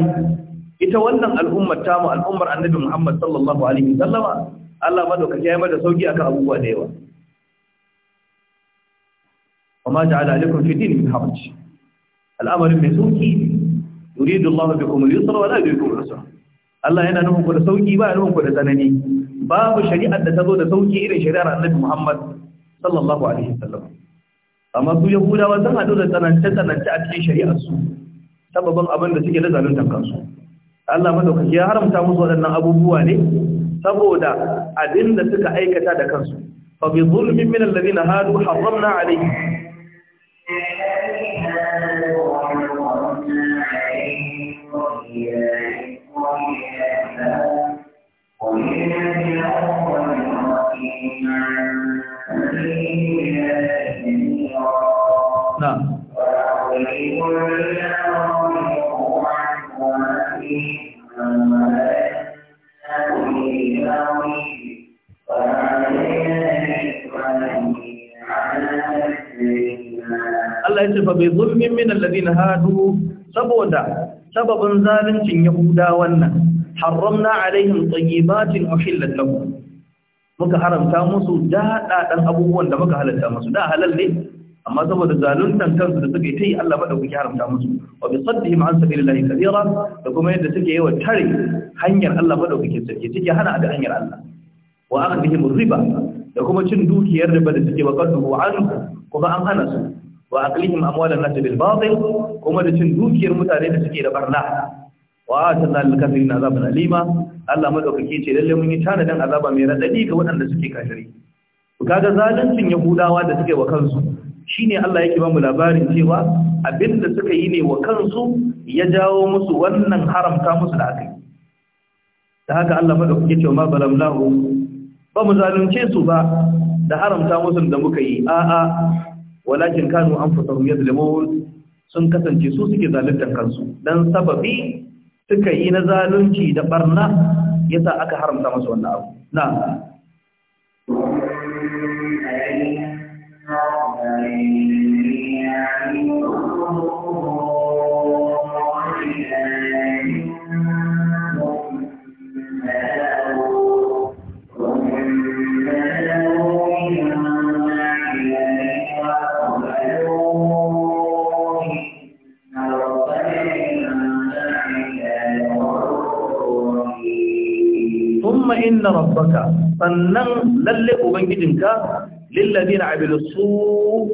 ita wannan al'ummar tamu al'ummar annabi Muhammad sallallahu alaihi wasallama Allah madaukake ya mada sauki akan abubuwa da yawa وما جعل عليكم في الدين من حرج الامر mai sauki yuridu Allah bikum al-yusra wa la yuridu bikum al-usra Allah yana nufin ku da sauki ba nufin ku da tsanani babu shari'ar da ta zo da sauki irin shari'ar Annabi Muhammad sallallahu alaihi wasallam amma su yahudawa sun hadu da tsanance tsanance a cikin shari'ar su sababin abin da suke da zaluntar kansu Allah madaukaki ya haramta musu waɗannan abubuwa ne saboda abin da suka aikata da kansu fa bi zulmin min alladhina hadu harramna alayhi Allah ya ce fa bi zulmin min alladhina hadu saboda sababin zaluncin yahuda wannan harramna alaihim tayyibatin uhillat lahum muka haramta musu daɗaɗan abubuwan da muka halatta musu da halal ne amma saboda zaluntan kansu da suka yi ta yi Allah maɗaukaki haramta musu wa bi saddihim an sabilillahi kabira da kuma yadda suke yi wa tare hanyar Allah maɗaukakin sarki suke hana da hanyar Allah wa akhdihim riba da kuma cin dukiyar riba da suke wa qadduhu an kuma an hana su wa aqlihim amwalan nas bil batil kuma da cin dukiyar mutane da suke da barna wa atanna lil kafirin azaban alima Allah madaukake ce lalle mun yi tanadin azaba mai radadi ga waɗanda suke kafiri kaga zaluncin yahudawa da suke wa kansu shine Allah yake ba mu labarin cewa abinda suka yi ne wa kansu ya jawo musu wannan haramta musu da akai da haka Allah madaukake ce ma balamlahu ba mu zalunce su ba da haramta musu da muka yi a'a walakin kanu anfusahum lemo sun kasance su suke zaluntar kansu dan sababi suka yi na zalunci da barna yasa aka haramta musu wannan abu na Thank you. inna rabbaka sannan lalle ubangijinka lillazina abilu su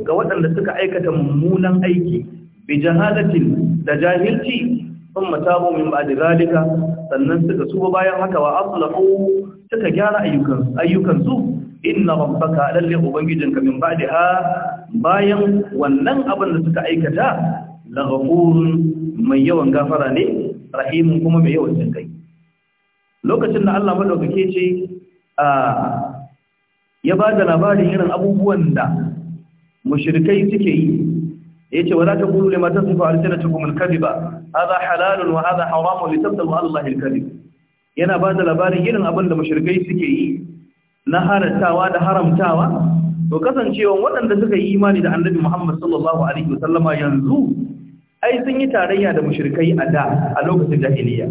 ga waɗanda suka aikata mummunan aiki bi jahadatin da jahilci sun tabu min ba'di zalika sannan suka tuba bayan haka wa aslahu suka gyara ayyukan ayyukan su inna rabbaka lalle ubangijinka min ba'daha bayan wannan abin da suka aikata laghafurun mai yawan gafara ne rahimun kuma mai yawan jinkai lokacin da Allah madaukake ce ah, ya ba da labarin irin abubuwan da mushrikai suke yi yace wala taqulu lima tasifu ba. alkadhiba za halalun wa hadha haramun litabtalu ala Allah alkadhib yana ba da labarin irin abin da mushrikai suke yi na haratawa da haramtawa to kasancewa waɗanda suka yi imani da annabi Muhammad sallallahu alaihi wasallama yanzu ai sun yi tarayya da mushrikai a da a lokacin jahiliya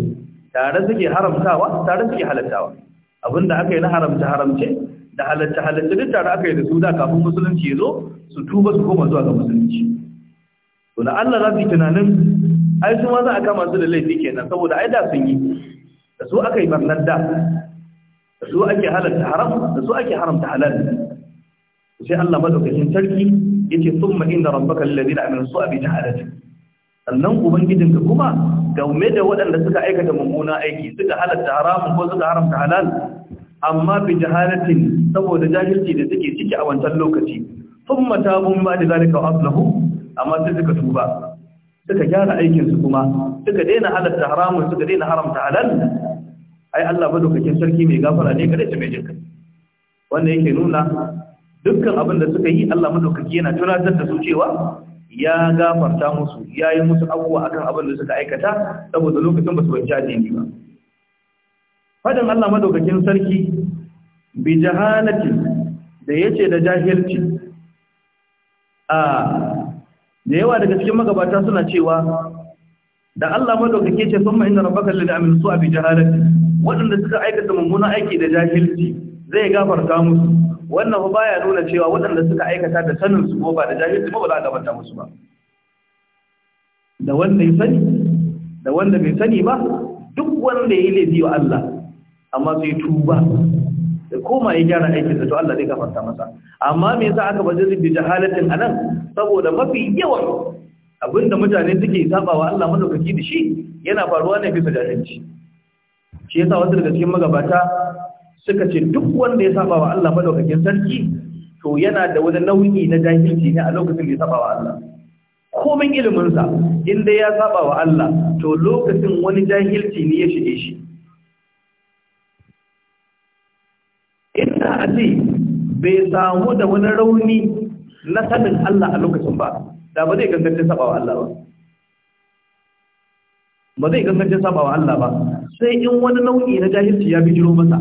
tare suke haramtawa tare suke halattawa abinda aka yi na haramta haramce da halatta halatta duk tare aka yi da su da kafin musulunci ya zo su tuba su koma zuwa ga musulunci to na Allah za su yi tunanin ai su ma za a kama su da laifi kenan saboda ai da sun yi da su aka yi barnar da da su ake halatta haram da su ake haramta halal sai Allah madaukakin sarki yace thumma inda rabbaka alladhina amanu su'a bi jahalatin sannan ubangijinka kuma game da waɗanda suka aikata mummuna aiki suka halatta haramun ko suka haramta halal amma bi jahalatin saboda jahilci da suke ciki a wancan lokaci sun mata tabu ba da zalika aslahu amma sai suka tuba suka gyara aikinsu kuma suka daina halatta haramun suka daina haramta halal ai Allah madaukakin sarki mai gafara ne kada ta mai jinka wannan yake nuna dukkan abin da suka yi Allah madaukaki yana tunatar da su cewa ya gafarta musu ya yi musu abubuwa akan abin da suka aikata saboda lokacin ba su wanci addini ba fadin Allah madaukakin sarki bi jahalati da ya ce da jahilci a da yawa daga cikin magabata suna cewa da Allah madaukake ce sun rabakar rabbaka amin su a bi jahalati waɗanda suka aikata mummunan aiki da jahilci zai gafarta musu wannan ba baya nuna cewa waɗanda suka aikata da sanin su ko ba da jahilci ba ba za a gabata musu ba da wanda ya sani da wanda bai sani ba duk wanda ya yi laifi wa Allah amma sai tuba da koma ya gyara aikin da to Allah zai gafarta masa amma me yasa aka baje zubi jahalatin anan saboda mafi yawan abinda mutane suke sabawa Allah madaukaki da shi yana faruwa ne bisa jahilci shi yasa wasu daga cikin magabata suka ce duk wanda ya saba wa Allah madaukakin sarki to yana da wani nau'i na jahilci ne a lokacin da ya saba wa Allah komin iliminsa inda ya saba wa Allah to lokacin wani jahilci ne ya shige shi inda ce bai samu da wani rauni na sanin Allah a lokacin ba da ba zai gangance saba wa Allah ba ba zai gangance saba wa Allah ba sai in wani nau'i na jahilci ya bijiro masa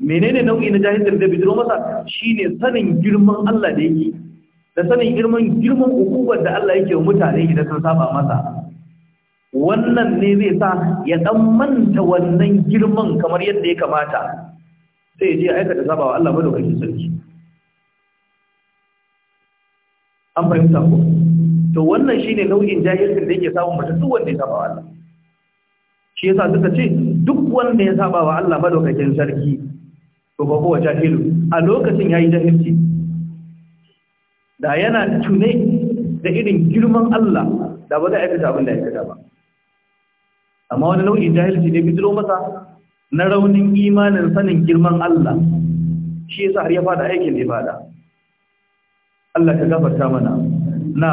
menene nau'i na jahilin da bidiro masa shine sanin girman Allah da yake da sanin girman girman hukumar da Allah yake wa mutane idan sun saba masa wannan ne zai sa ya dan manta wannan girman kamar yadda ya kamata sai ya je aikata da sabawa Allah madaukakin sarki an fahimta ko to wannan shine nau'in jahilin da yake samun mutum duk wanda ya saba Allah shi yasa suka ce duk wanda ya saba wa Allah madaukakin sarki to ba kowa jahilu a lokacin ya yi jahilci da yana tune da irin girman Allah da ba za yi aikata abin da ya kada ba amma wani nau'in jahilci ne bidiro masa na raunin imanin sanin girman Allah shi yasa har ya fada aikin da ya fada Allah ka gafarta mana na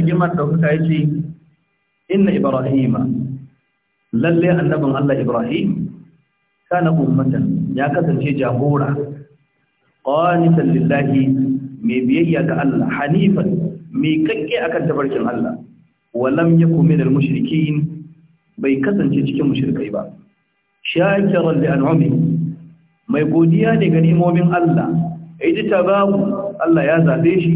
mai girma ɗaukaka ya ce inna Ibrahim, lalle annabin Allah Ibrahim kana ummatan ya kasance jagora qanitan lillahi mai biyayya ga Allah hanifan mai kakke akan tabarkin Allah walam yakun minal mushrikin bai kasance cikin mushrikai ba shakiran li an'ami mai godiya ne ga ni'imomin Allah idtabahu Allah ya zaɓe shi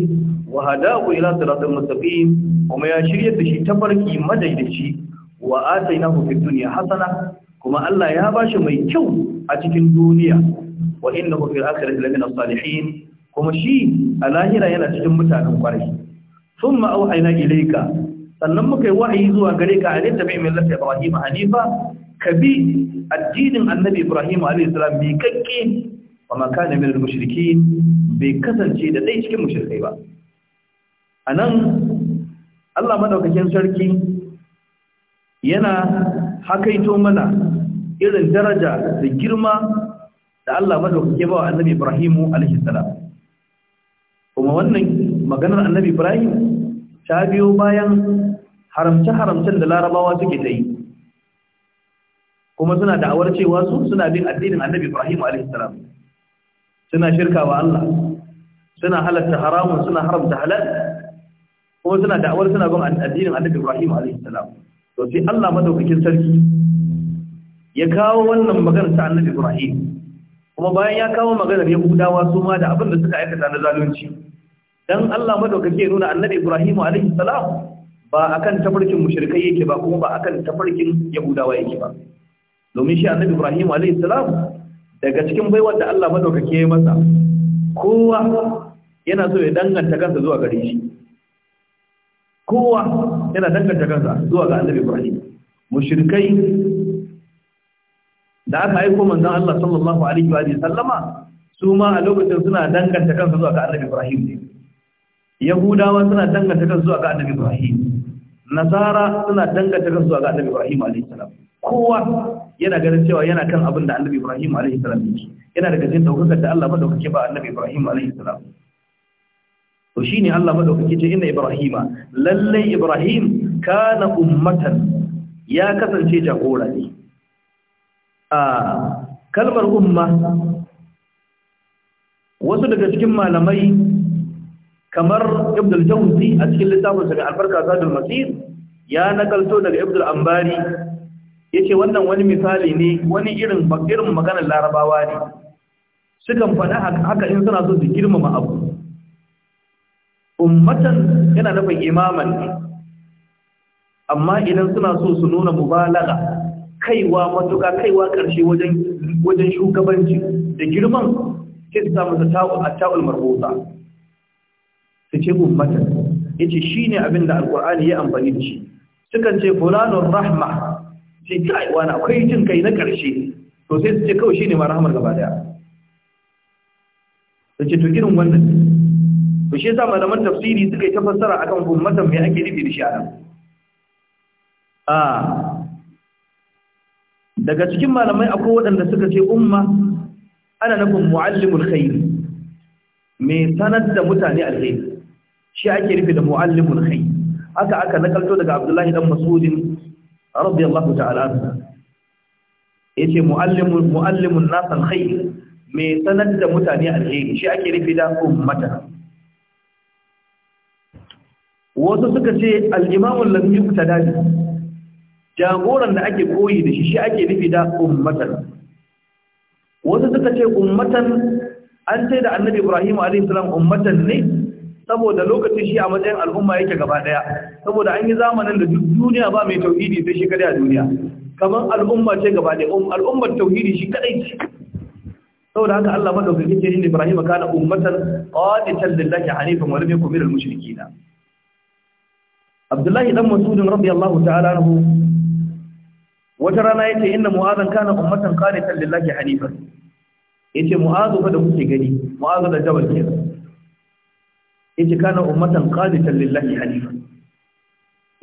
wa hadahu ila siratal mustaqim kuma ya shirye da shi tafarki madaidaici wa atainahu fid dunya hasana kuma Allah ya bashi mai kyau a cikin duniya wa innahu fil akhirati lamina salihin kuma shi a lahira yana cikin mutanen kwarai thumma auhayna ilayka sannan muka yi wahayi zuwa gare ka alayhi tabi min lafi ibrahim hanifa kabi addinin annabi ibrahim alayhi salam bi kakke wa ma kana min al-mushrikeen bai kasance da dai cikin mushrikai ba a nan allah maɗaukakin sarki yana hakaito mana irin daraja da girma da allah maɗaukake ba wa annabi ibrahimu alaihissalam kuma wannan maganar annabi ibrahim ta biyo bayan haramce-haramcen da larabawa suke ta yi kuma suna da'awar cewa su suna bin addinin annabi ibrahim alaihissalam suna shirka wa allah suna halatta haramun suna haramta halal kuma suna da'awar suna bin addinin annabi Ibrahim alaihi salam to sai Allah madaukakin sarki ya kawo wannan magana ta annabi Ibrahim kuma bayan ya kawo maganar Yahudawa su ma da abin da suka aikata na zalunci dan Allah madaukake nuna annabi Ibrahim alaihi salam ba akan tafarkin mushrikai yake ba kuma ba akan tafarkin Yahudawa yake ba domin shi annabi Ibrahim alaihi salam daga cikin baiwar da Allah madaukake ya masa kowa yana so ya danganta kansa zuwa gare shi kowa yana danganta kansa zuwa ga annabi ibrahim mushrikai da aka aiko manzon Allah sallallahu alaihi wa sallama su ma a lokacin suna danganta kansu zuwa ga Annabi Ibrahim Yahudawa suna danganta kansu zuwa ga Annabi Ibrahim Nasara suna danganta kansu zuwa ga Annabi Ibrahim alaihi salam kowa yana ganin cewa yana kan abin da Annabi Ibrahim alaihi salam yake yana daga cikin daukar da Allah madaukake ba Annabi Ibrahim alaihi salam to shine Allah madaukake ce inna ibrahima lallai ibrahim kana ummatan ya kasance jagora ne a kalmar umma wasu daga cikin malamai kamar ibn jawzi a cikin littafin sa albarka zadul masir ya nakalto daga ibdul ambari yace wannan wani misali ne wani irin irin maganar larabawa ne sukan faɗa haka in suna so su girmama abu ummatan yana nufin imaman ne amma idan suna so su nuna mubalaga kaiwa matuka kaiwa ƙarshe wajen shugabanci da girman sai su samu ta ta'ul marbuta su ce ummatan yace shine abin da alqur'ani ya amfani da shi sukan ce Fulanun rahma sai kai wani akwai jin kai na ƙarshe to sai su ce kawai shine ma rahmar gaba daya su ce to irin wannan to shi yasa malaman tafsiri suka yi ta fassara akan ummatan me ake nufi da shi a daga cikin malamai akwai waɗanda suka ce umma ana nufin muallimul khairi mai sanar da mutane alkhairi shi ake nufi da muallimul khairi aka aka nakalto daga Abdullahi dan Mas'udin radiyallahu ta'ala anhu yace muallimul muallimun nas alkhair mai sanar da mutane alkhairi shi ake nufi da ummata wasu suka ce al'imamun lafi ta dadi jagoran da ake koyi da shi shi ake nufi da ummatan wasu suka ce ummatan an ce da annabi ibrahim alaihissalam ummatan ne saboda lokacin shi a matsayin al'umma yake gaba daya saboda an yi zamanin da duk duniya ba mai tauhidi sai shi kadai a duniya kamar al'umma ce gaba daya um, al'ummar tauhidi shi kadai ce saboda haka Allah madaukaki ce inda Ibrahim kana ummatan qanitan a hanifan wa lam yakun minal mushrikeen abdullahi dan masudin radiyallahu ta'ala anhu wata rana yace inna mu'adhan kana ummatan qanitan lillahi hanifan yace mu'adhu fa da kuke gani mu'adhu da jabal ke yace kana ummatan qanitan lillahi hanifan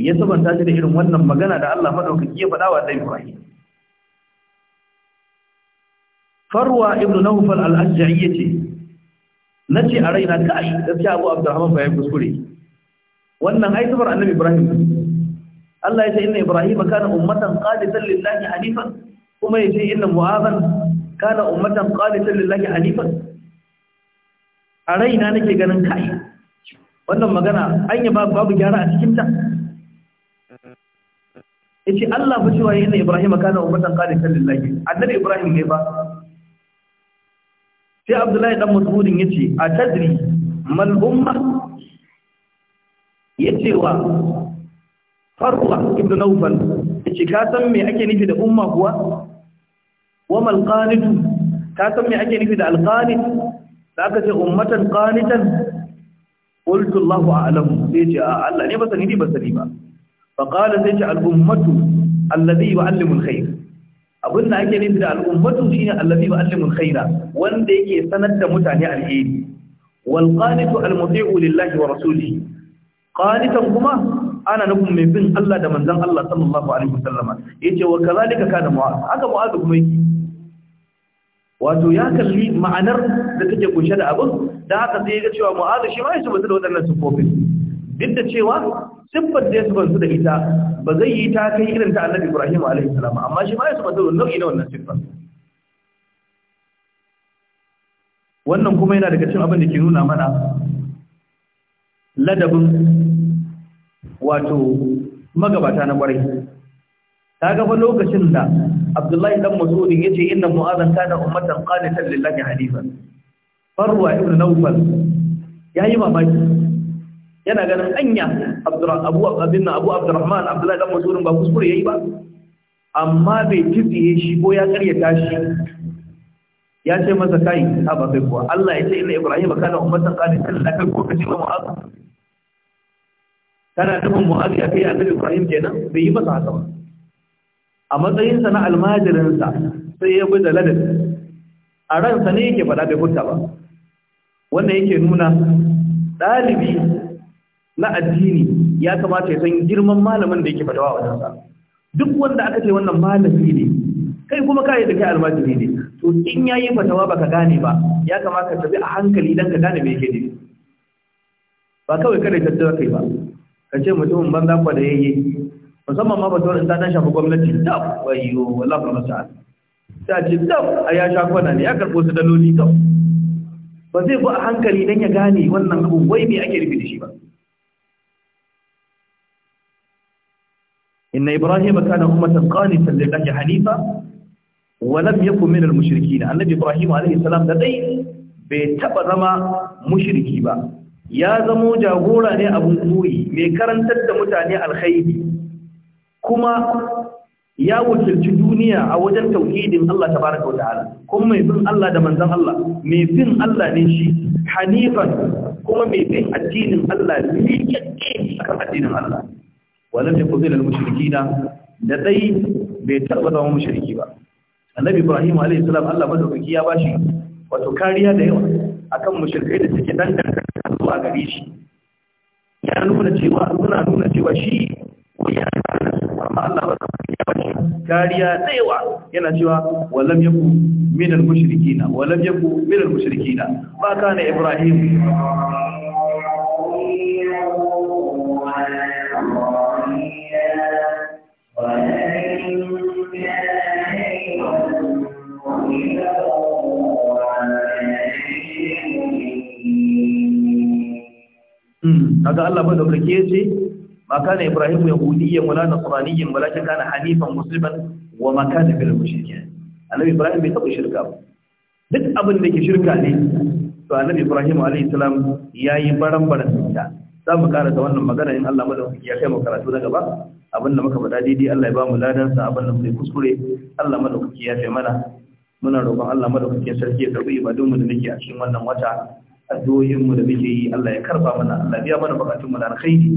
ya sabanta shi da irin wannan magana da Allah madaukaki ya faɗa wa dan Ibrahim farwa ibnu nawfal al-ajja'i yace nace a raina kai gaskiya Abu Abdurrahman bai kuskure wannan ai zubar annabi ibrahim Allah ya ce inna ibrahim kana ummatan qanitan lillahi hanifan kuma ya ce inna mu'azan kana ummatan qanitan lillahi hanifan a raina nake ganin kai wannan magana anya yi babu gyara a cikin ta yace Allah fa cewa inna ibrahim kana ummatan qanitan lillahi annabi ibrahim ne ba sai abdullahi dan mas'udin yace a tadri mal umma Yacewa cewa farwa ibn naufal ya ce ka san me ake nufi da umma kuwa Wamal malqanitu ka san me ake nufi da alqanit da aka ce ummatan qanitan qultu Allahu a'lam sai ce a Allah ne ba sani ba sani ba fa qala sai ce al-ummatu allazi yu'allimu al-khair abin da ake nufi da al-ummatu shine allazi yu'allimu al-khaira wanda yake sanar da mutane alheri wal qanitu al-muti'u lillahi wa rasulihi qanitan kuma ana nufin mai bin Allah da manzon Allah sallallahu alaihi wasallam yace wa kazalika kana mu'az haka mu'az kuma yake wato ya kalli ma'anar da take kunshe da abin da haka sai ya ga cewa mu'az shi ma yace ba da waɗannan sifofin duk da cewa siffar da ya bansu da ita ba zai yi ta kai irin ta annabi Ibrahim alaihi salam amma shi ma ya sifar da nau'i na wannan siffar wannan kuma yana daga cikin abin da ke nuna mana ladabin wato magabata na ƙwarai ta gaba lokacin da abdullahi dan masudin ya ce inna mu'azan kana ummatan qanitan lillahi hanifan farwa ibn nawfal ya yi mamaki yana ganin anya abu abin abu abdurrahman abdullahi dan masudin ba kuskure ya yi ba amma bai tibiye shi ko ya karyata shi ya ce masa kai ta ba kai kuwa Allah ya ce inna ibrahima kana ummatan qanitan la ko kace mu'az kana nufin mu'az ya kai annabi Ibrahim kenan bai yi masa haka ba a matsayin sa na almajirin sa sai ya bi da a a ransa ne yake faɗa bai huta ba wannan yake nuna ɗalibi na addini ya kamata ya san girman malamin da yake fadawa a wajensa duk wanda aka ce wannan malami ne kai kuma kai da kai almajiri ne to in yayi fatawa baka gane ba ya kamata ka tafi a hankali dan ka gane me yake nufi ba kawai kada ya tattara kai ba ka ce mutumin banza kwa da yayi musamman ma fatawar in ta dan shafi gwamnati ta. wayo wallahi ba ta ce tab a ya sha kwana ne ya karbo su da loli ka. ba zai bu a hankali dan ya gane wannan abu wai me ake rufi da shi ba إن إبراهيم كان أمة قانتا لله حنيفا walam yakun min al na? annabi ibrahim alaihi salam da dai bai taba zama mushriki ba ya zamo jagora ne abun koyi mai karantar da mutane alkhairi kuma ya wakilci duniya a wajen tauhidin Allah tabaraka wa ta'ala kuma mai bin Allah da manzon Allah mai bin Allah ne shi hanifan kuma mai bin addinin Allah ne yake akan addinin Allah walam yakun min al-mushrikina da dai bai taba zama mushriki ba annabi ibrahim alayhi salam Allah madaukaki ya bashi wato kariya da yawa akan mushrikai da suke danganta zuwa gare shi ya nuna cewa suna nuna cewa shi ya amma Allah ba ya bashi kariya da yawa yana cewa walam yaku min al-mushrikina walam yaku min al-mushrikina ba kana ibrahim kaga Allah bai dauka ke ce ma kana ibrahim yahudiyyan wala nasraniyyan walakin kana hanifan musliman wa ma kana bil mushrikeen annabi ibrahim bai taba shirka ba duk abin da ke shirka ne to annabi ibrahim alayhi salam yayi baran-baran da za mu karanta wannan magana in Allah madaukaki ya kai mu karatu na gaba abin da muka faɗa daidai Allah ya ba mu ladan sa abin da muka kuskure Allah madaukaki ya kai mana muna roƙon Allah madaukakin sarki ya karbi ibadun mu da nake a cikin wannan wata addu'o'inmu da muke yi Allah ya karba mana Allah biya mana bukatunmu na alkhairi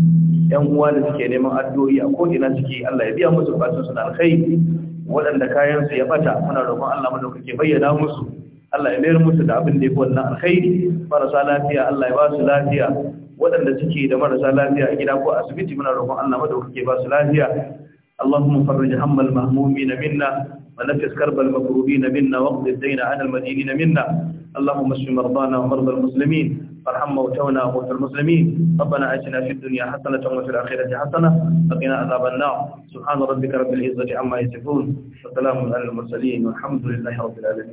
yan uwa da suke neman addu'o'i a ko'ina suke Allah ya biya musu bukatunsu na alkhairi waɗanda kayansu ya bata muna roƙon Allah mu dauke bayyana musu Allah ya mayar musu da abin da ya fi wannan alkhairi marasa lafiya Allah ya ba su lafiya waɗanda suke da marasa lafiya a gida ko asibiti muna roƙon Allah madaukake ba su lafiya اللهم فرج هم المهمومين منا ونفس كرب المكروبين منا واقض الدين عن المدينين منا اللهم اشف مرضانا ومرضى المسلمين وارحم موتانا وموتى المسلمين ربنا اتنا في الدنيا حسنه وفي الاخره حسنه وقنا عذاب النار سبحان ربك رب العزه عما يصفون وسلام على المرسلين والحمد لله رب العالمين